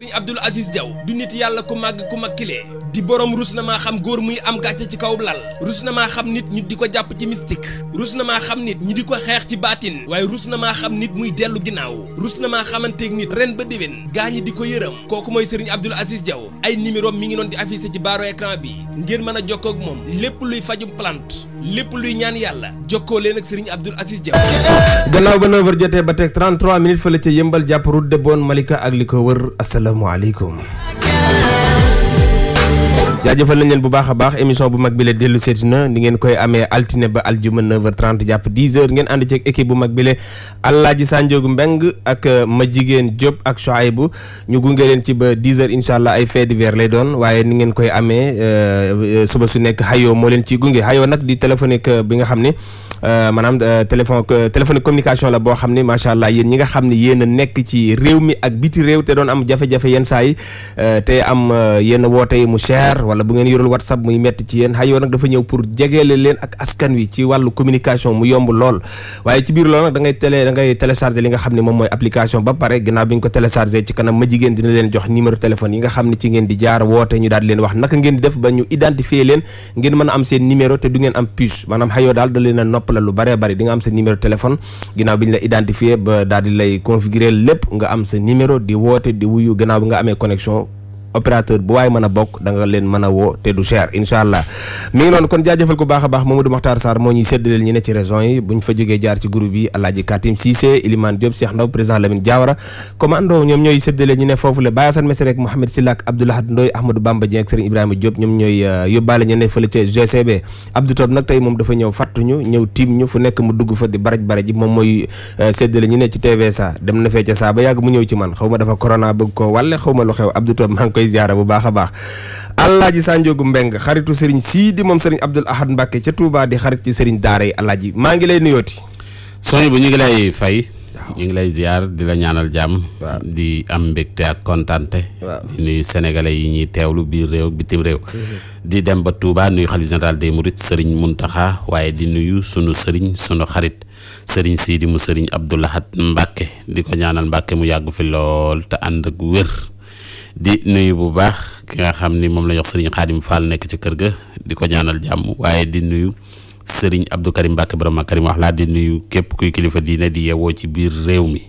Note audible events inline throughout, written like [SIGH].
sëriñ Abdul Aziz Diaw du nit yàlla ku màgg ku makkilee di borom rus na maa xam góor muy am gàcce ci kaw lal rus na maa xam nit ñu di ko jàpp ci mystique rus na maa xam nit ñu di ko xeex ci baatin waaye rus na maa xam nit muy dellu ginnaaw rus na maa xamanteeg nit ren ba déwén gaañi di ko yërëm kooku mooy sëriñ Abdul Aziz Diaw ay numéro mi ngi doon di affiché ci baaro écran bi ngir mën a jokkoo ak moom lépp luy fajum plante lépp luy ñaan yàlla jokkoo leen ak Serigne Abdoul Aziz Dia gannaaw ba 9h jotee ba teg 33 minutes fële ca yëmbal jàpp route de Malika ak li ko wër jaajëfal nañ leen bu baax a baax émission bu mag bi la dellu seeti na ni ngeen koy amee altine ba aljuma 9h30 jàpp 10h ngeen ànd ceeg équipe bu mag bi la Alaaji Sanjoogu Mbeng ak euh, ma jigéen Diop ak bu ñu gunge leen ci ba 10h incha allah ay fait divers lay doon waaye ni ngeen koy amee euh, euh, suba su nekk xayoo moo leen ci gunge xayoo nag di téléphonique bi nga xam ne Euh, maanaam euh, téléphone euh, téléphone communication la boo xam ne macha allah yéen ñi nga xam ne yéen nekk ci réew mi ak biti réew te doon am jafe-jafe yenn saa yi te am yenn woote mu cher wala bu ngeen yorul whatsapp muy metti ci yéen xay yoo nag dafa ñëw pour jegeele leen ak askan wi ci wàllu communication mu yomb lool waaye ci biir loolu nag da ngay télé da ngay télécharger li nga xam ne moom mooy application ba pare ginnaaw bi ñu ko télécharger ci kanam ma jigéen dina leen jox numéro téléphone yi nga xam ne ci ngeen jaar woote ñu daal di leen wax naka ngeen di def ba ñu identifier leen ngeen mën a am seen numéro la bare bëree bëri di nga am sa numéro téléphone ginnaaw bi ñu la identifié ba daal di lay configurer lépp nga am sa numéro di woote di wuyu ginaaw bi nga amee connexion opérateur bu waaye mën a bokk da nga leen mën a woo te du cher incha allah mi ngi noonu kon jaajëfal ko baax a baax moom mooy euh, séddale ñu ne ci TV sa dem na fee ca saa ba yàgg mu ñëw ci man xaw dafa corona bëgg koo wàlle xaw lu xew Abdou Top maa ngi koy koy ziyaara bu baax a baax alaaji Sanjoogu Mbeng xaritu sëriñ Siidi moom sëriñ Abdul Ahad Mbàkke ca Touba di xarit ci sëriñ daara yi alaaji maa ngi lay nuyooti soñ bu ñu ngi lay fay ñu ngi lay ziar di la ñaanal jàmm di am mbégte ak kontante di nuyu sénégalais yi ñuy teewlu biir réew bitim réew mm-hmm. di dem ba Touba nuyu xalif général des mourides sëriñ Muntaxa waaye di nuyu sunu sunu xarit sëriñ Siidi mu sëriñ ko ñaanal Mbàkke mu yàgg lool te ànd ak wér di nuyu bu baax ki nga xam ni moom la jox sëriñ Xaadim Fall nekk ci kër ga di ko ñaanal jàmm waaye di nuyu sëriñ Abdou Karim Mbacke borom Karim wax laa di nuyu képp kuy kilifa diine di yeewoo ci biir réew mi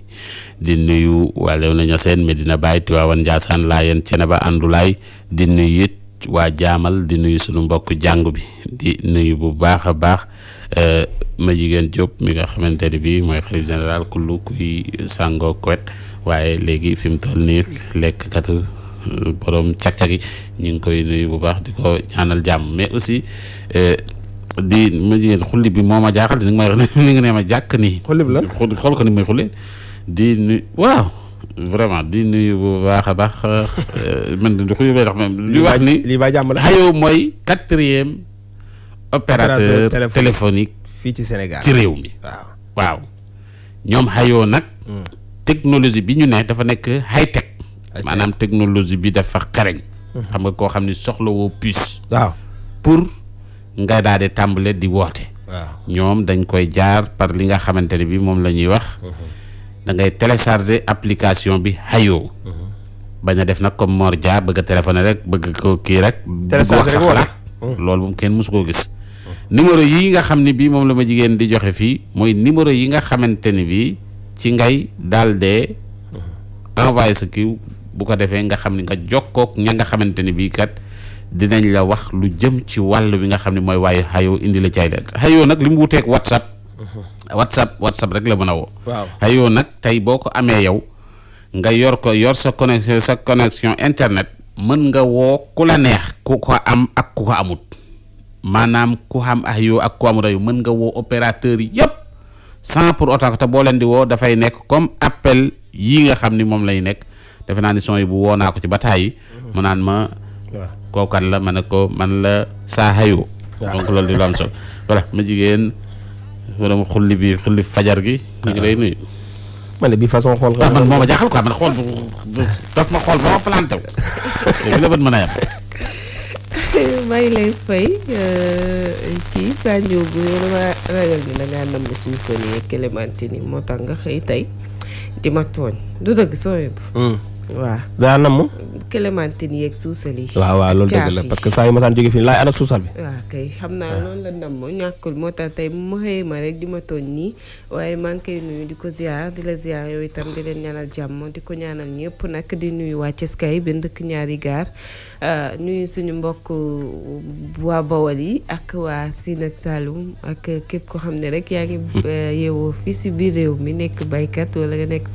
di nuyu waa Léona Niassène Medina Baye Tivaouane Ndiassane Layène Thiénaba Andoulaye di nuyu it waa jaamal di nuyu sunu mbokk jàngu bi di nuyu bu baax a baax euh, ma jigéen Diop mi nga xamante ne bii mooy xalif général kullu kuy sàngoo kwet waaye léegi fi mu toll nii lekkatu euh, borom cag-cag yi ñu ngi koy nuyu bu baax di ko ñaanal jàmm mais aussi euh, di ma jigéen xulli bi moo a jaaxal di nga may [LAUGHS] ni nga ne ma jàkk nii. xulli bi la xool ko ni muy xulli di nuyu vraiment di nuyu bu baax a baax euh, [LAUGHS] mën du xuy bay tax même di wax ni lii ba jàmm la Hayo mooy quatrième opérateur téléphonique fii ci Sénégal ci réew mi waaw ñoom Hayo nag hmm. technologie bi ñu ne dafa nekk high tech. maanaam technologie bi dafa xarañ. Mhm. xam nga koo xam ni woo puce. waaw pour nga daal di tàmbale di woote. ñoom dañ koy jaar par li nga xamante ne bi moom la ñuy wax. Mhm. da ngay télécharger application bi hayoo. Mhm. bañ a def nag comme Mor Dia bëgg a rek bëgg ko kii rek. télécharger rek wax loolu koo gis. numéro yi nga ma jigéen di joxe fii mooy numéro yi nga xamante ni ci ngay daal de envoyé sa kiw bu ko defee nga xam ne nga jokkook ña nga xamante ni bii kat dinañ la wax lu jëm ci wàll bi nga xam ne mooy waaye xayoo indi la caay leet xayoo nag li mu wuteek whatsapp whatsapp whatsapp rek la mën a woo waaw xayoo nag tey boo ko amee yow nga yor ko yor sa connexion sa connexion internet mën nga woo ku la neex ku ko am ak ku ko amut maanaam ku xam ah yoo ak ku amut ayu mën nga woo opérateur yëpp sans pour autant que te boo leen di woo dafay nekk comme appel yii nga xam ni moom lay nekk defe naa ni son yi bu woo naa ko ci ba yi mu naan ma kookan la ma ko man la saa hayoo loolu di lu ma jigéen wala xulli bi xulli fajar gi ñu ngi lay nuyu ah. bi façon xool nga ah, man moo ma jaaxal quoi man xool daf ma xool ba ma planté wu [LAUGHS] la bët mën a yem [LAUGHS] maa ngi lay fay kii euh, Sadio bu dama ragal ni da namm suñu sën yi moo tax nga xëy tey di ma tooñ du dëgg sooy bu. Hmm. waaw daa namm. clémentine yeeg suusal yi. waaw waaw loolu dëgg la parce que saa yu masaan jóge fii laay ana suusal bi. waaw kay xam naa loolu la ndam moo ñàkkul moo tax tey bu ma xëyee ma rek di ma tooñ nii waaye maa koy nuyu di ko ziar di la ziar yow itam di leen ñaanal jàmm di ko ñaanal ñëpp nag di nuyu waa Ceskay benn dëkk ñaari gaar euh, nuyu suñu mbokk waa Bawol yi ak waa Sine ak Saloum ak képp ko xam ne rek yaa ngi mm-hmm. euh, yeewoo fii si biir réew mi nekk baykat wala nga nekk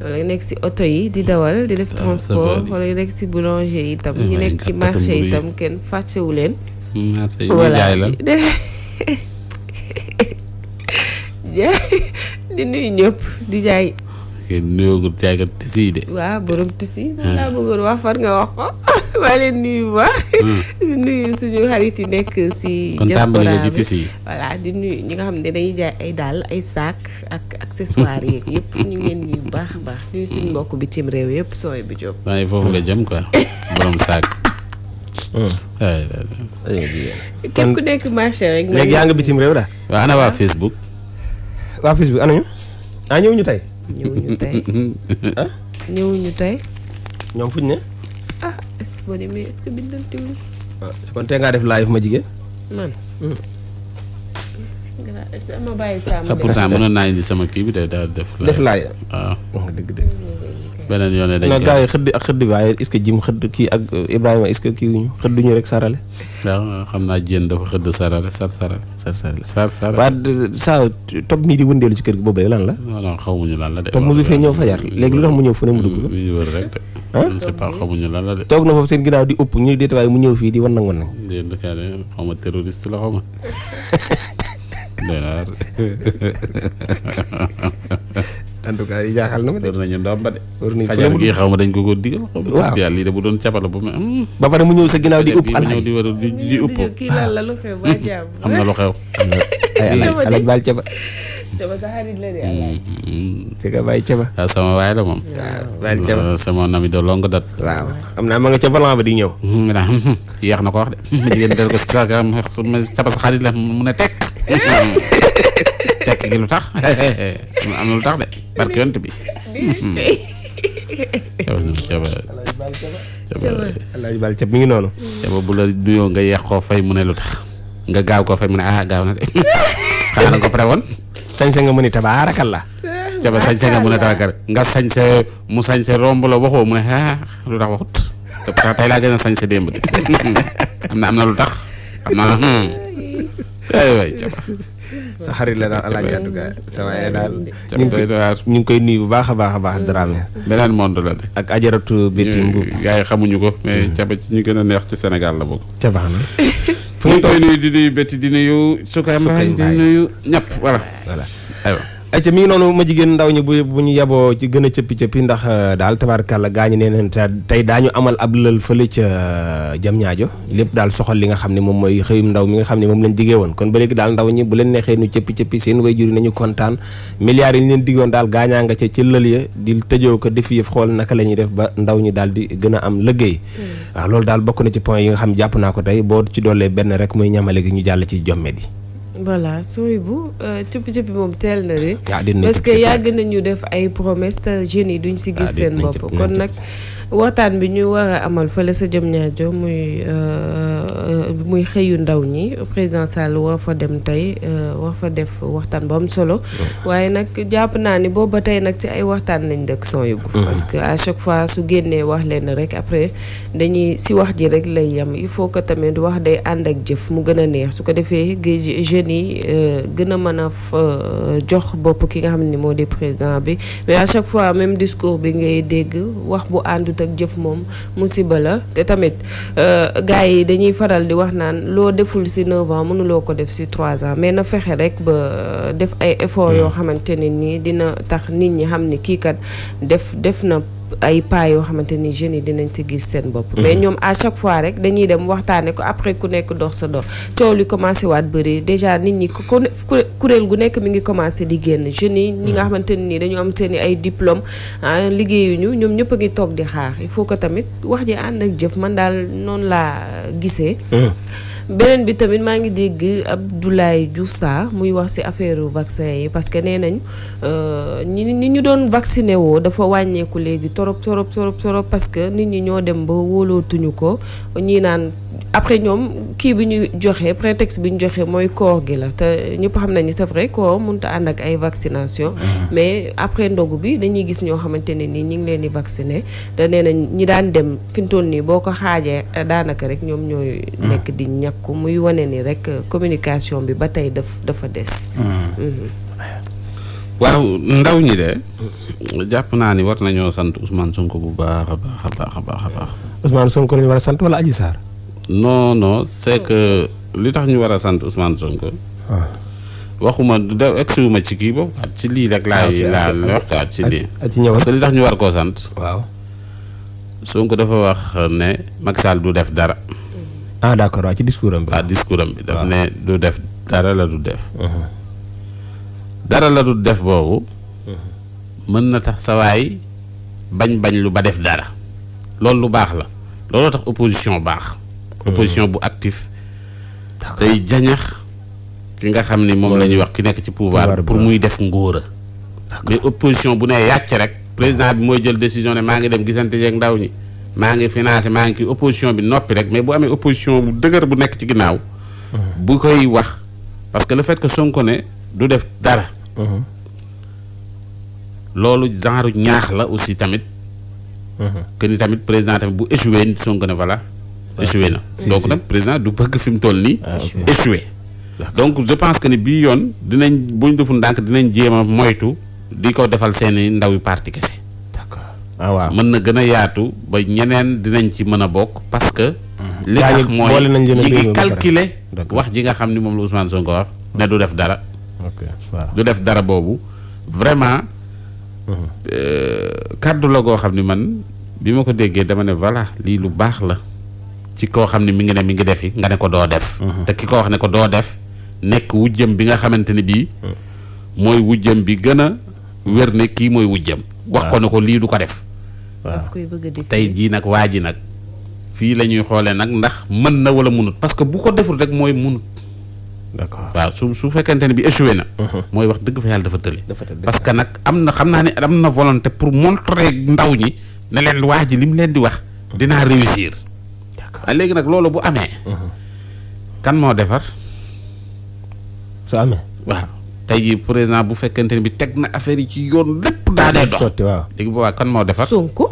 wala yu nekk si oto yi di dawal di def ah, transport wala yu si boulanger yi tam ñu eh, nekk ci marché yi tam kenn fàttewu leen hmm, ah, voilà [LAUGHS] di nuyu ñëpp di jaay nuyoogu jaaykat tissu ah. bëggoon wax far nga wax ko [LAUGHS] maa leen nuyu bu hmm. [LAUGHS] nuyu suñu xarit yi nekk si diaspora bi di nuyu ñi nga xam ne dañuy jaay ay daal ay sac ak accessoires yeeg yëpp ñu ngi bu baax a baax nuyu suñu mbokk bitim réew yëpp sooy bi jóg. waaye foofu nga jëm ko borom saak. Hmm. képp ku nekk marché rek. léegi yaa nga bitim réew daal. waaw ana waa Facebook. waa Facebook ana ñu. ah ñëwuñu tey. ñëwuñu tey. [LAUGHS] ñoom fuñ ne. ah est-ce que boo demee est-ce que ah, kon tey ngaa def live ma jigéen. gannaaw pourtant mënoon naa indi sama kii bi day daal def. def laay waaw dëgg dëgg. beneen yoon dañ koy gaa yi xëdd ak xëdd bi waaye est-ce que jim xëdd kii ak euh, Ibrahima est-ce que kii wuñu xëdduñu rek sarale. waaw xam naa jéen dafa xëdd sarale sar sarale. sar sarale sar sarale. waaw saa topp mii di wëndeelu ci kër gi boobu rek lan la. non non xamuñu lan la de. topp mosu fee ñëw fajar léegi lu tax mu ñëw fu ne mu dugg. mu mm, ñu wër rek de. ah je sais pas xamuñu lan la de. toog na foofu seen ginnaaw di upp ñu déet waaye mu ñëw fii di wan nag wan nag. déedéet xaw ma terroriste la xaw ma [LAUGHS] dinaar. en tout yi jaaxal na ma de. war nañu ma dañ ko ko digal. waaw doon capala bu ba pare mu ñëw sa ginnaaw la lu xew ba jàmm. am na lu xew. [LAUGHS] ay alay alay baal caba. sa mm, mm. Ah, sama waay la moom. Ah, sama nami de longue date. waaw xam naa ma nga ca volant ba di ñëw. Mm, [LAUGHS] yéex na ko wax de. [LAUGHS] mu ne tekk. [LAUGHS] tekk gi lu tax [LAUGHS] am na lu tax de barke bi. [LAUGHS] caba alaaji bal cab bu la nuyoo nga yeex koo fay mu ne lu tax nga gaaw koo fay mu ne ah gaaw na de xanaa na ko pare woon sañse nga mu ne tabaarakalla caba sañse nga mu ne tabaarakalla nga sañse mu sañse romb la waxoo mu ne ah lu tax waxut te laa gën a sañse démb de am na am na lu tax am na hmm. aywaay [LAUGHS] sa xarit la daal alaaji àddu gaa sa waaye daal. ñu ngi koy nuyu bu baax a baax a baax Dramé. Mm. beneen monde la de. ak ajaratu bitim mbuub. xamuñu ko mais mm. caba ci ñu gën a neex ci senegal la bokk. ca baax na. fu [LAUGHS] ñu koy nuyu di nuyu bétti di nuyu. Sukay Mbaye di nuyu ñëpp voilà. voilà aywa. ayca mi ngi noonu ma jigéen ndaw ñi bu bu ñu yeboo ci gën a cëppi cëppi ndax euh, daal tabaarkàlla gaa ñi nee nañ tey daañu amal ab lël fële ca euh, jam ñaajo lépp daal soxal li nga xam ne moom mooy xëyum ndaw mi nga xam ne moom lañ diggee woon kon ba léegi daal ndaw ñi bu leen neexee ñu cëppi cëppi seen way juri nañu kontaan milliards yi ñu leen daal gaañaa nga ca ci lël ya di tëjoo ko def yëf xool naka la ñuy def ba ndaw ñi daal di gën a am lëggéey mm. waaw loolu daal bokk na ci point yi nga xam jàpp naa ko tey boo ci doolee benn rek muy ñamale gi ñu jàll ci jomme di voilà sooy bu euh, cuppi cuppi moom teel na de. parce que yàgg nañu def ay promesse te jeunes yi du ñu si gis seen bopp kon nag. waxtaan bi ñuy war a amal fële sa jëm ñaajo muy euh, muy xëyu ndaw ñi président Sall war fa dem tey euh, war fa def waxtaan bu am solo waaye nag jàpp naa ni booba tey nag ci ay waxtaan lañ dëkk son yóbbu mm-hmm. parce que à chaque fois su génnee wax leen rek après dañuy si wax ji rek lay yam il faut que tamit wax day ànd ak jëf mu gën a neex su ko defee jeunes yi euh, gën a mën a jox bopp ki nga xam ni moo di président bi mais à chaque fois même discours bi ngay dégg wax bu ànd ànd ak jëf moom musiba la te tamit euh, gars yi dañuy faral di wax naan loo deful si 9 ans mënuloo ko def si trois ans mais na fexe rek ba euh, def ay effort hmm. yoo xamante ne nii dina tax nit ñi xam ne kii kat def def na ay pas yoo xamante ni jeunes yi dinañ ci gis seen bopp. Mhm. mais ñoom à chaque fois rek dañuy dem waxtaanee ko après ku nekk dox sa dox coow li commencé waat bëri déjà nit ñi ku kuréel gu nekk mi ngi commencé di génn jeunes yi. ñi nga mhm. xamante ne nii dañu am seeni i ay diplôme ah, liggéeyuñu ñoom ñëpp a ngi toog di xaar il faut que tamit wax ji ànd ak jëf man daal noonu laa gisee. Mhm. beneen bi tamit maa ngi dégg Abdoulaye Diouf Sarr muy wax ci affaire vaccin yi parce que nee nañ euh, ñi ni ñu doon vacciné woo dafa wàññeeku léegi torop torop torop torop parce que nit ñi ñoo dem ba wóolootuñu ko ñii naan après ñoom kii bi ñu joxe prétexte bi ñu joxee mooy koor gi la te ñëpp xam nañu c'est vrai koor mënut a ànd ak ay vaccination mm-hmm. mais après ndogu bi dañuy gis ñoo xamante ne nii ñi ngi leen di vacciner te nee nañ ñi daan dem fi mu toll nii boo ko xaajee daanaka rek ñoom ñooy mm-hmm. nekk di ñakku muy wane ni rek communication bi ba tey daf dafa des mm-hmm. waaw ndaw ñi de jàpp naa ni war nañoo sant Ousmane sunk bu baax a baax a baax a baax baax Ousmane Sonko lañu war a sant wala Adji Sarr non non c'est que li tax ñu war a sant Ousmane Sonko. Ah. waxuma de egsiwuma ci kii boobu quoi ci lii rek laay ah, laa ah, wax quoi ci lii. parce que li tax ñu war koo sant. waaw Sonko dafa wax ne Macky du def dara. ah d'accord waaw ci discours am bi. waaw discours am bi du def dara la du def. Uh-huh. dara la du def boobu. Uh-huh. mën na tax sa waay bañ bañ lu ba def dara. loolu lu baax la looloo tax opposition baax. opposition bu actif day jañax ki nga xam ni moom la ñuy wax ki nekk ci pouvoir pour muy def ngóora mais opposition bu ne yàcc rek président bi mooy jël décision ne maa ngi dem gisante yeeg ndaw ñi maa ngi financé maa ngi kii opposition bi noppi rek mais bu amee opposition bu dëgër bu nekk ci ginnaaw uh-huh. bu koy wax parce que lu fait que Sonko ne du def dara uh-huh. loolu genre u ñaax la aussi tamit uh-huh. que ni tamit président tamit bu échoué Sonko ne voilà échoué na donc nag président du bëgg fi mu toll nii ah, échoué donc je pense que ni bii yoon dinañ bu ñu ndànk dinañ jéem a moytu di ko defal seeni ndawi parti kese ah waaw mën na gën a yaatu ba ñeneen dinañ ci mën a bokk parce que mhm. li tax mooy ñi ngi calculer wax ji nga xam ni moom la Ousmane Sonko wax ne du def dara du def dara boobu vraiment mhm. euh, kàddu la goo xam ni man bi ma ko déggee dama ne voilà lii lu baax la ci koo xam ne mi ngi ne mi ngi defi nga ne ko doo def mhm. te ki ko wax ne ko doo def nekk wujjëm bi nga xamante ne bii mhm. mooy wujjëm bi gën a wér ne kii mooy wujjëm wax ko ne ko lii du ko def tey jii nag waa ji nag fii la ñuy xoolee nag ndax mën na wala munut parce que bu ko deful rek mooy munut d'accord waaw su su fekkente ne bi échoué na mhm. mooy wax dëgg fa yàlla dafa tële parce que nag am na xam naa ne am na volonté pour montrer ndaw ñi ne leen waa ji li mu leen di wax dinaa réussir Ah, léegi nag loolu bu amee. kan moo defar. su amee waaw. tey jii président bu fekkente ne bi teg na affaire yi ci yoon lépp daa dee dox. léegi boobaa kan moo defar. Sonko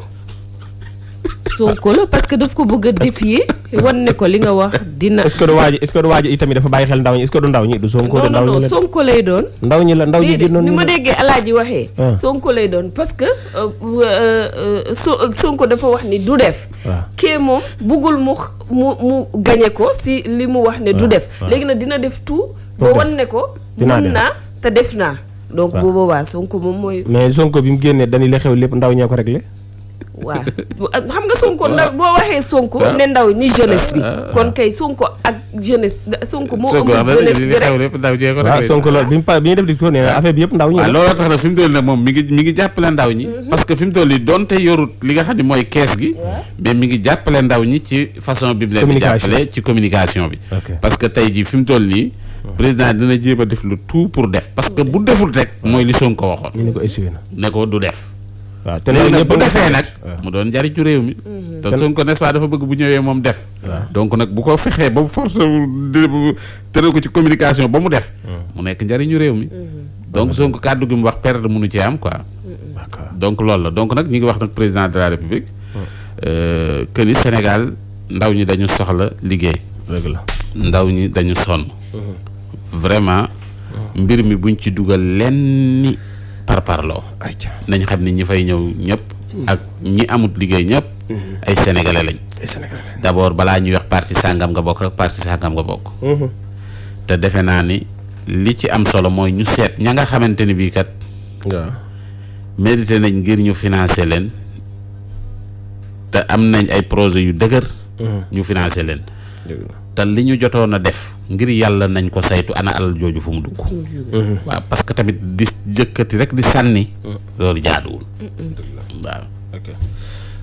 Sonko la parce que daf ko bëgg a défier wan ne ko li nga wax dina. est-ce que du waaj est-ce itamit dafa bàyyi xel ndaw ñi est-ce du ndaw ñi du Sonko du ndaw ñi la Sonko doon. ndaw ñi la ndaw ñi di noonu ni ma déggee alaaji waxee. Ah. Sonko lay doon parce que euh, euh, euh, Sonko dafa wax ni du def. waaw ah. kee moom buggul mu mu mu gañe ko si li mu wax ne du ah, def. léegi nag dina def tout. ba wan ne ko. mën naa te def naa. donc bu boobaa Sonko moom mooy. mais Sonko bi mu génnee dañuy la xew lépp ndaw ñee ko réglé waaw xam nga Sonko ndaw boo waxee Sonko ah. ne ndaw ñi jeunesse bi ah, ah, kon kay Sonko ak jeunesse Sonko moo ëmb jeunesse bi rek waaw Sonko loolu bi mu pa looloo tax nag fi mu toll moom mi ngi mi ngi jàppale ndaw ñi mhm. parce que fi mu toll nii donte yorut li nga xam ne mooy kees gi mais mi ngi jàppale ndaw ñi ci façon bi mu leen di jàppale ci communication bi parce que tey jii fi mu toll nii président dina jéem a def lu tout pour def parce que bu deful rek mooy li Sonko waxoon ne ko du def waaw te léegi nag bu defee nag mu doon njariñ ci réew mi mm-hmm. te Sonko n'est-ce pas dafa bëgg bu ñëwee moom def donc nag bu ko fexee ba force tëral ko ci communication ba mu def mm. mu nekk njariñu réew mi mm-hmm. donc Sonko kàddu gi mu wax perte mënu ci am quoi mm-hmm. donc loolu la donc nag ñu ngi wax nag président de la république mm. euh, que Sénégal ndaw ñi dañu soxla liggéey la ndaw ñi dañu sonn vraiment mm. mbir mi buñ ci dugal lenn par parloo nañ xam ni ñi fay ñëw ñëpp ak ñi amut liggéey ñëpp mm-hmm. ay sénégalais lañ d'abord balaa ñuy wax parti sàngam nga bokk ak parti sàngam nga bokk mm-hmm. te defe naa ni li ci am solo mooy ñu seet ña nga xamante ni bii kat waaw nañ ngir ñu financé leen te am nañ ay projet yu dëgër mm-hmm. ñu financer leen te li ñu jotoon a def ngir yàlla nañ ko saytu ana alal jooju fu mu dugg mm-hmm. waaw parce que tamit di jëkkati rek di sànni mm-hmm. loolu jaaduwul mm-hmm. waaw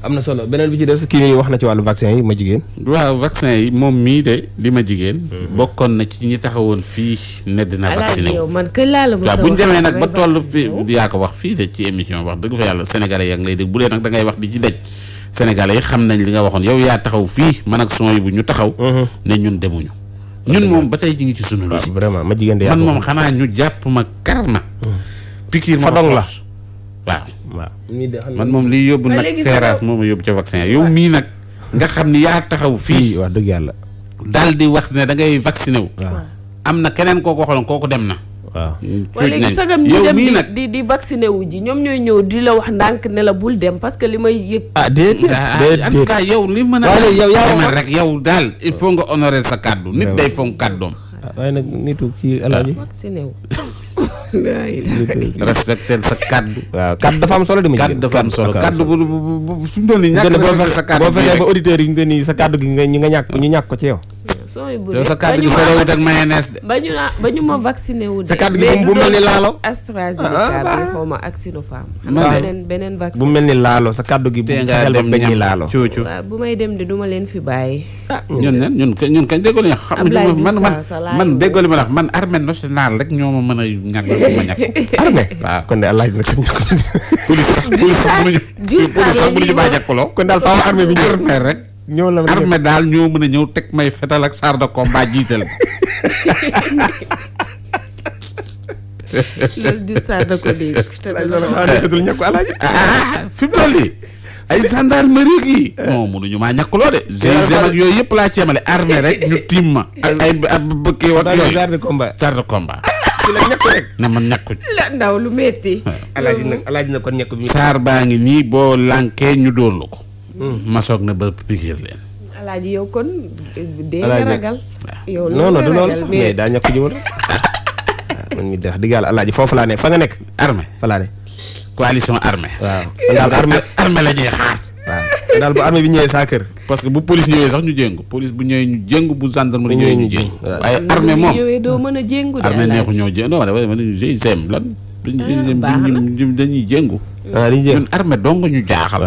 am na solo beneen bi ci des kii wax na ci wàllu vaccin yi ma jigéen waaw vaccin yi moom mii de li ma jigéen bokkoon na ci ñi taxawoon fii ne dina vacciné yow man kër la waaw bu ñu demee nag ba toll fii yaa ko wax fii de ci émission wax dëgg fa yàlla sénégalais yaa ngi lay bu dee nag dangay wax di ci daj sénégal yi xam nañ li nga waxoon yow yaa taxaw fii man ak son yi bu ñu taxaw mhm. ne ñun demuñu ñun moom ba tey ñu ci sunu logique vraiment ma jigéen de man moom xanaa ñu jàpp ma karma mhm. pikiir ma dong la waaw waaw man moom liy yóbbu nag seeraas moom a yóbbu ca vaccin yow mii nag nga xam ni yaa taxaw fii wax dëgg yàlla daal di wax ne da ngay vacciné wu am na keneen kooku waxoon kooku dem na waaw. léegi sagam ñi dem di di vacciné wu ji ñoom ñooy ñëw di la wax ndànk ne la bul dem parce que li may yëg. ah déedéet déedéet en tout yow li mën a. waaye yow daal il faut nga honorer sa kàddu. nit day fonk kàddoom. waaye nag nitu kii alaaji. vacciné wu. respecté sa kaddu. waaw kaddu dafa am solo de. kaddu dafa am solo kaddu bu bu bu suñu doon nii ñàkk sa kaddu boo fekkee ba auditeurs yi ñu doon nii sa kaddu gi nga nga ñàkk ñu ñàkk ko ci yow. sooy sa kàddu gi sorewut ak mayonnaise de. ba ñu ma vacciné wu de. sa kàddu gi bu mel ni laalo. AstraZeneca bi ah, xaw ma ak Sinopharm. beneen beneen vaccin bu mel ni laalo sa kàddu gi. tey ngaa dem ñam laalo waaw bu may dem de du ma leen fi bàyyi. ah ñun nen ñun ñun kañ déggoo li xam nga man man man li ma la man armée nationale rek ñoo ma mën a ñàkk ma ñàkk. [LAUGHS] armée waaw kon ko ñàkk. police daal faaw armée bi ñu rek ñoo la armée daal ñoo mën a ñëw teg may fetal ak sar de combat jiital. [LAUGHS] loolu di sar da ah, laa ceemale armée rek ñu la ñàkk rek. na ma ñàkku. saar baa ngi nii boo lànkee ñu dóor la ko. ma soog na ba pikiir leen. alaaji yow kon. dee nga ragal. yow non non du loolu sax mais daa ñàkk jiwoon [LAUGHS] yàlla alaaji foofu laa ne fa nga nekk. armée fa laa ne. coalition armée. waaw man [LAUGHS] daal armée armée la bi ñëwee saa kër. parce que bu police ñëwee sax ñu bu ñëwee ñu jéngu bu gendarmerie a jéngu man GIGM lan. ah na dañuy jéngu. ah dañuy jéngu ñun armée dong ñu jaaxal.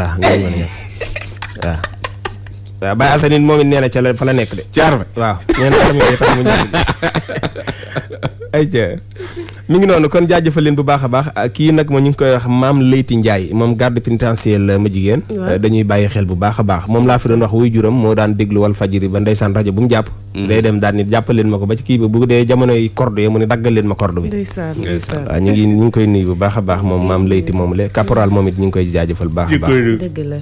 waaw. waaw Baye moom it nee na ca la fa la nekk de. ci armée waaw nee na [LAUGHS] kon jaajëfal leen bu baax baax ah, kii nag moom ñu ngi koy wax maam Leyti Ndiaye moom garde pénitentiaire ma jigéen. Ah, dañuy bàyyi xel bu baax a baax laa fi doon wuy juram moo daan déglu wal fajiri ba ndeysaan rajo bu mu jàpp. Mm-hmm. day dem daan nit jàppal leen ma ko ba ci kii bu dee jamonoy corde yi mu ne daggal leen ma corde bi. ndeysaan ndeysaan ah, ñu ngi koy nuyu bu baax baax moom maam Leyti moom la caporal moom it ñu ngi koy jaajëfal bu baax a baax. dëgg la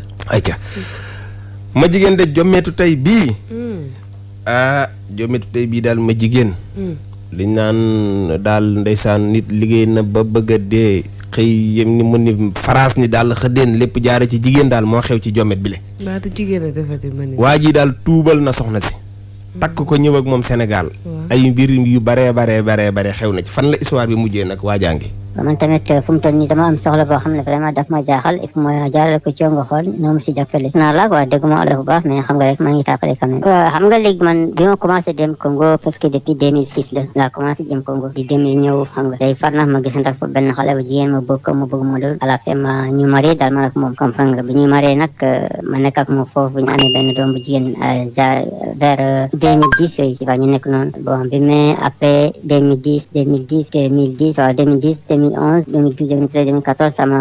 ma jigéen de jommeetu tey bii. Hmm. ah jommeetu tey bii daal ma jigéen. Hmm. li naan daal ndeysaan nit liggéey na ba bëgg a dee xëy yem ni mën ni faraas ni daal xëddeen lépp jaare ci jigéen daal moo xew ci jommet bi le. baatu jigéen a defati ma ni waa ji daal tuubal na soxna si. Hmm. takk ko ñëw ak moom Sénégal. ay mbir yu baree baree baree baree xew na ci fan la histoire bi mujjee nag waajaangi man tamit fu mu toll nii dama am soxla boo xam ne vraiment daf ma jaaxal ma jaarale ko ci yow nga si jàppale naar laa quoi dégguma baax mais xam nga ngi tàppale quand bi ma commencé dem Congo di dem ñëw xam nga day far na ma gis benn xale bu jigéen ma bëgg ma bëgg ma lool à la man ak moom comprendre nga bi ñuy marié nag ma nekk ak moom foofu ñu amee benn doom bu jigéen vers 2010 yooyu waaw ñu nekk noonu bon bi mais après 2010 2011 2012 2013 2014 sama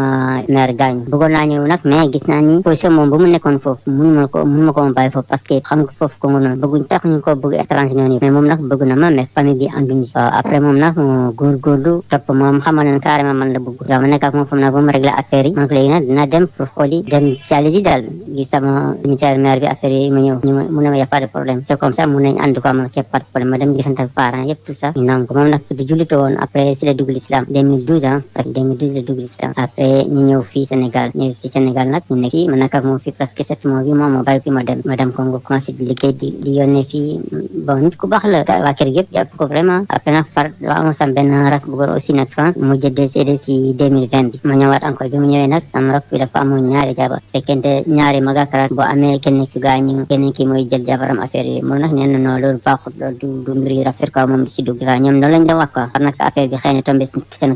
mère gaañu bëggoon naa ñëw nag mais gis naa ni position moom bu mu nekkoon foofu mënu ma ko mënu ma ko ma bàyyi foofu parce que xam nga foofu Congo noonu bëgguñ tax ñu ko bëgg étranger noonu mais moom nag bëgg na ma mais famille bi anduñu si euh, après moom nag mu góorgóorlu topp moom xamal leen carrément man la bëgg waaw ma nekk ak moom fam naa ba mu réglé affaire yi man ko léegi nag dinaa dem pour xooli dem ciali ji daal gis sama ministère mère bi affaire yi ma ñëw ñu mu ne ma y a pas de problème c'est comme ça mun nañ ànd ko amal képp pas de problème ma dem gisante ak parents yëpp tout ça ñu nangu ko moom nag du jullite woon après si la dugg l'islam 2012 2012 ah parce que après ñu ñëw fii Sénégal ñëw fii Sénégal nag ñu nekk fii ma nekk ak moom fii presque sept mois bi moom ma bàyyi fii ma dem ma dem Congo commencé di liggéey di di yónnee fii bon nit ku baax la waa kër yëpp jàpp ko vraiment après nag par amoon sam benn rak bu amee kenn ki mooy jël jabaram affaire yi moom nag nee na non loolu baaxut loolu du du mbir yu moom di si dugg ñoom noonu lañ doon wax quoi par nag affaire bi xëy na tombé seen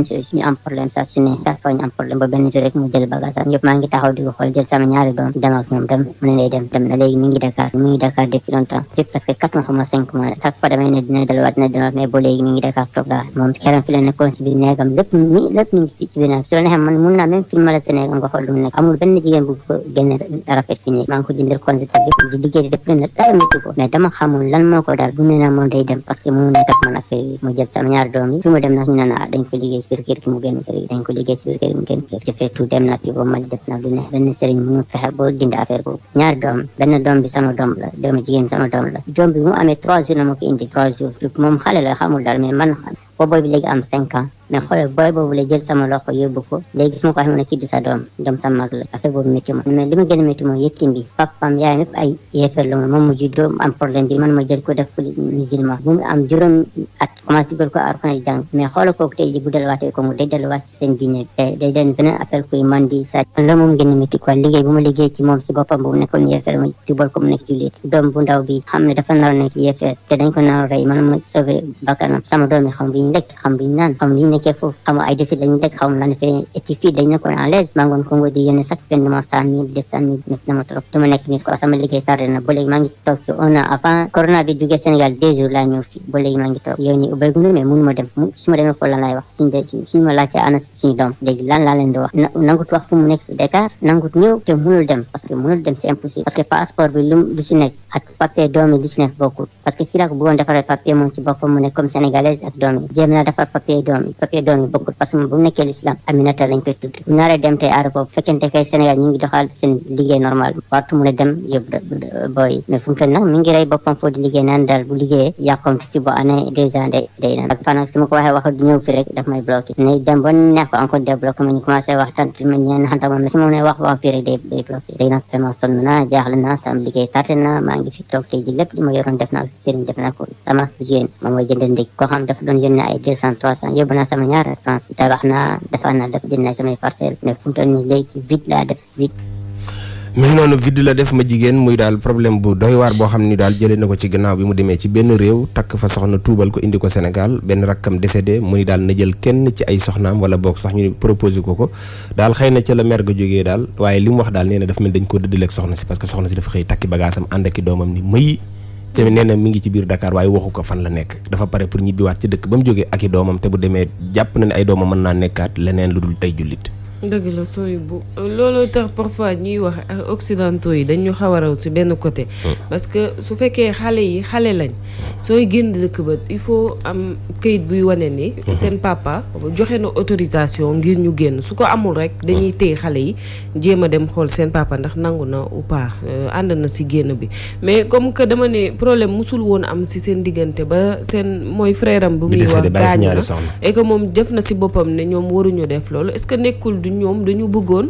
même si ñu am problème saa su ne chaque am problème ba benn jour rek mu jël bagage am maa ngi taxaw mu ne lay dem dem na léegi mu lan moo ko daal bu ne naa dem parce mu nekk ak man affaire mu jël sama ñaari doom yi mu dem nag ñu ne naa dañ biir kër gi mu génn kër dem na fi ba mali def na lu benn sëriñ mënu fexe boo dindi affaire boobu ñaari doom benn doom bi sama doom la doom bi mu amee trois jours na mu ko indi trois jours moom xale la xamul dara mais man boobu léegi am cinq ne xoolal booy boobu la jël sama loxo yóbbu ko léegi su ma ko waxee mu ne kii du sa doom doom sa mag la affaire boobu métti ma mais li ma gën a métti mooy yëttim bi papam yaayam yëpp ay yéefar la moom mu juddoo mu am problème bi man ma jël ko def ko musulman bu mu am juróom at commencé dugal ko arfana di jàng mais xoolal kooku tey ji bu delluwaatee ko mu day delluwaat ci seen diine te day doon beneen affaire kuy man di sa loolu moom gën a métti quoi liggéey bu ma liggéey ci moom si boppam bu mu nekkoon yéefar ma tubal ko mu nekk jullit doom bu ndaw bi xam ne dafa naroon nekk yéefar te dañ ko naroon rey man ma sauvé bakkanam sama doom yi xam bi ñu lekk xam bi ñu naan xam bi ñu nekk nekkee foofu xamoo ay desit la ñuy dëkk xaw ma lan fee et puis fii dañ nekkoon à l'aise maa ngoon Congo di yónnee chaque fin de mois cent mille deux cent mille métti na ma trop du ma nekk nit ko sama liggéey tardé na ba léegi maa ngi toog fi un an avant corona bi duggee Sénégal deux jours laa ñëw fii ba léegi maa ngi toog yow nii ubbeeku na mais mënu ma dem su ma demee foofu lan laay wax suñ de suñu ma laajtee ana suñu doom léegi lan laa leen di wax nangut wax fu mu nekk si Dakar nangut ñëw te mënul dem parce que mënul dem c'est impossible parce que passeport bi lu lu ci nekk ak papier doom yi lu ci nekk bokkul parce que fii laa ko bëggoon defaree papier moom ci boppam mu nekk comme sénégalaise ak doom yi jéem naa defar papier doom yi toppee doom yi bokkut parce que bu nekkee l'islam aminata lañ koy tudd bu dem tey aar boobu bu fekkente kay Sénégal ñu doxal seen liggéey normal mu ne mu ne dem ba neex ko encore débloqué ma ñu commencé waxtaan ma ñeen xanta ma mais su ma ne wax wax fii rek day day bloqué léegi nag vraiment sonn naa jaaxle naa sama liggéey tardé naa maa ngi fi toog tey ji lépp li def naa sëriñ def naa ko sama jigéen moom mooy jënd ndékki koo xam dafa doon yónnee ay deux cent trois cent sama ñaari France tabax naa defar naa lépp jënd naa samay parcelle mais fu mu léegi vide laa def vide. mi ngi noonu def ma jigéen muy daal problème bu doy waar boo xam ni daal jëlee na ko ci gannaaw bi mu demee ci benn réew takk fa soxna tuubal ko indi ko Sénégal benn rakkam décédé mu ni daal na jël kenn ci ay soxnaam wala boog sax ñu proposé ko ko daal xëy na ca la mer ga jógee daal waaye li mu wax daal nee na dafa mel dañ koo dëddaleeg soxna si parce que soxna si dafa takki bagaasam ànd ak doomam ni may te nee na mi ngi ci biir Dakar waaye waxu ko fan la nekk dafa pare pour ñibbiwaat ci dëkk ba mu jógee ak i doomam te bu demee jàpp na ne ay doomam mën naa nekkaat leneen lu dul tey jullit dëgg la sooy bu looloo tax parfois ñuy wax ak ah, occidentaux yi dañu xaw a raw ci benn côté. Hmm. parce que su fekkee xale yi xale lañ. sooy génn dëkk ba il faut am kayit buy wane ni. Hmm. seen papa joxe na autorisation ngir ñu génn su ko amul rek. dañuy hmm. téye xale yi jéem a dem xool seen papa ndax nangu na ou pas euh, ànd na ci génn bi mais comme que dama ne problème mosul woon am ci seen diggante ba seen mooy frère am. bu muy wax gaañu na et moom def na ci boppam ne ñoom waruñu def loolu est-ce ñoom dañu bëggoon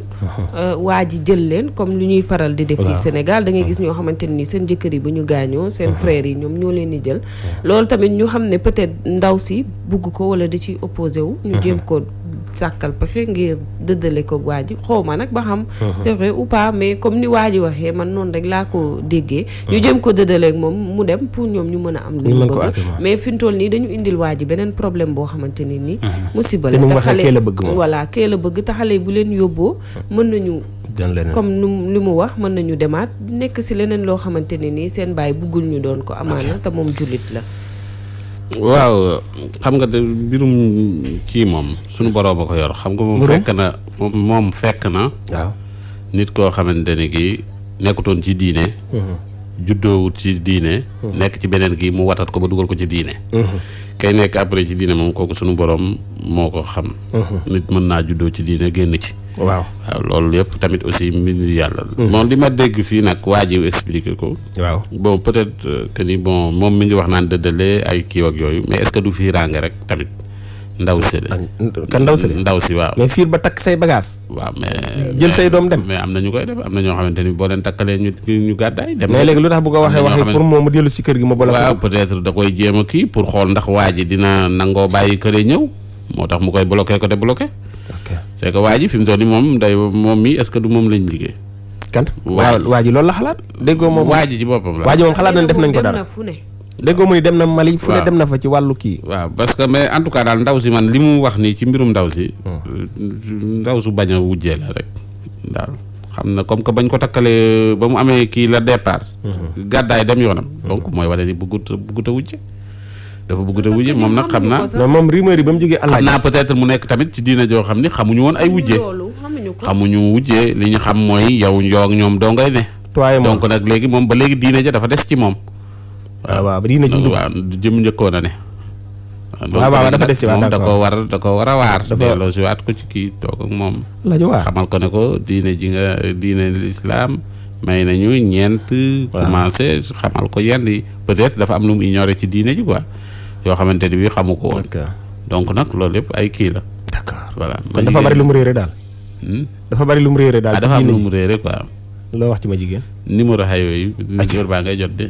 euh, waa ji jël leen comme lu ñuy faral di def fii Sénégal da gis ñoo xamante nii seen jëkkër yi bu ñu gaañoo seen frères yi ñoom ñoo leen jël loolu tamit ñu xam ne peut-être ndaw si bugg ko wala da ciy opposé wu ñu jéem ko sàkkal pexe ngir dëddale ko waa ji xaw nag ba xam c'est vrai ou pas mais comme ni waa ji waxee man noonu rek laa ko déggee ñu jëm ko dëddaleeg moom mu dem pour ñoom ñu mën a am lu bëgg mais fi mu toll nii dañu indil waa ji beneen problème boo xamante ne ni musiba la xale bu leen yóbboo mën nañu comme nu li mu wax mën nañu demaat nekk si leneen loo xamante ne nii seen baay buggul ñu doon ko amaana te moom jullit la waaw xam nga de mbirum kii moom suñu boroom a ko yor xam nga moom fekk na moom fekk na waaw nit koo xamante ne ki nekkutoon ci diine mhm. juddoowut ci diine. Mhm. nekk ci beneen gi mu watat ko ba dugal ko ci diine. Mhm. kay nekk après ci diine moom kooku sunu borom moo ko xam. Mhm. nit mën naa juddoo ci diine génn ci. waaw waaw loolu yëpp tamit aussi mbind yàlla moom li ma dégg fii nag waa ji expliqué ko. waaw bon peut-être euh, que ni bon moom mi ngi wax naan dëddale ay kii yooyu mais est-ce du fii rànge rek tamit. ndaw si de. Ah, kan ndaw si de ndaw si waaw. mais fiir ba takk say bagages. waaw mais jël say doom dem. mais am na ñu koy def am na ñoo xamante ni boo leen takkalee ñu ñu gàddaay. dem mais léegi lu tax bu ko waxee waxee pour moom mu si kër gi ma. boole waaw peut-être da koy jéem kii pour xool ndax waa ji dina nangoo bàyyi kër yi ñëw moo tax mu koy bloqué ko débloqué. ok c'est que waa ji fi mu toll nii moom day moom mii est-ce que du moom lañ liggéey. kan. waa waa ji la xalaat déggoo moom. waa ji ci boppam la waa ji moom xalaat nañ def nañ ko dara déggoo mu ni dem na Mali. fu ne dem na fa ci wàllu kii. waaw parce que mais en tout cas daal ndaw si man li mu wax nii ci mbirum ndaw si. Hmm. ndaw su bañ a wujjee la rek daal. xam na comme que bañ ko takkalee ba mu amee kii la départ. Hmm. gàddaay dem yoonam. donc mooy wane ni bëggut bëggut a wujje dafa bëggut a wujje moom nag xam naa. non moom rumeur yi ba mu jógee àll. xam naa peut mu nekk tamit ci diina joo xam ni xamuñu woon ay wujje. xamuñu wujje li ñu xam mooy yow yow ñoom doo ngay ne. donc nag léegi moom ba léegi diina ja dafa des ci moom. waaw waaw diine ji mu dugg jëm njëkkoon a ne. waaw waaw dafa des si waaw da ko war da ko si waat ko ci kii toog moom. lañu waar xamal ko ne ko diine ji nga diine lislaam may nañu ñeent. commencé xamal ko yenn yi peut dafa am lu mu ignoré ci diine ji quoi yoo xamante ni bii xamu ko woon. donc nag loolu lépp ay kii la. d'accord voilà kon dafa bari lu mu réeré daal. Hmm? dafa bari lu mu réeré daal. Ah, dafa am lu mu réeré loo wax ci ma jigéen. numéro xayma yi. baa ngay jot de.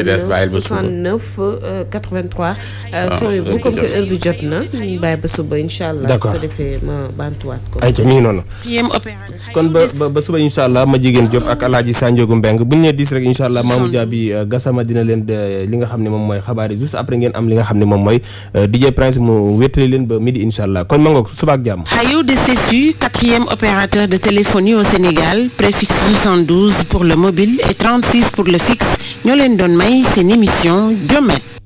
ci des bàyyil ba suba 69 euh, euh, ah, na ñu bàyyi ba suba incha allah. d' ma ba ba suba incha ma jigéen Diop ak El Hadj Sanjogu Mbeng bu ñu nee 10 rek incha allah Mamou Diaby euh, Gassama dina leen li nga xam ne moom mooy xabaar yi après ngeen am li nga xam ne moom mooy DJ Prince mu wéttali leen ba midi incha allah kon ma ngoog suba Hayo de CSU quatrième opérateur de téléphonie au Sénégal préfixe 812 pour le mobile et 36 pour le fixe. ñoo leen doon may seen émission Diomet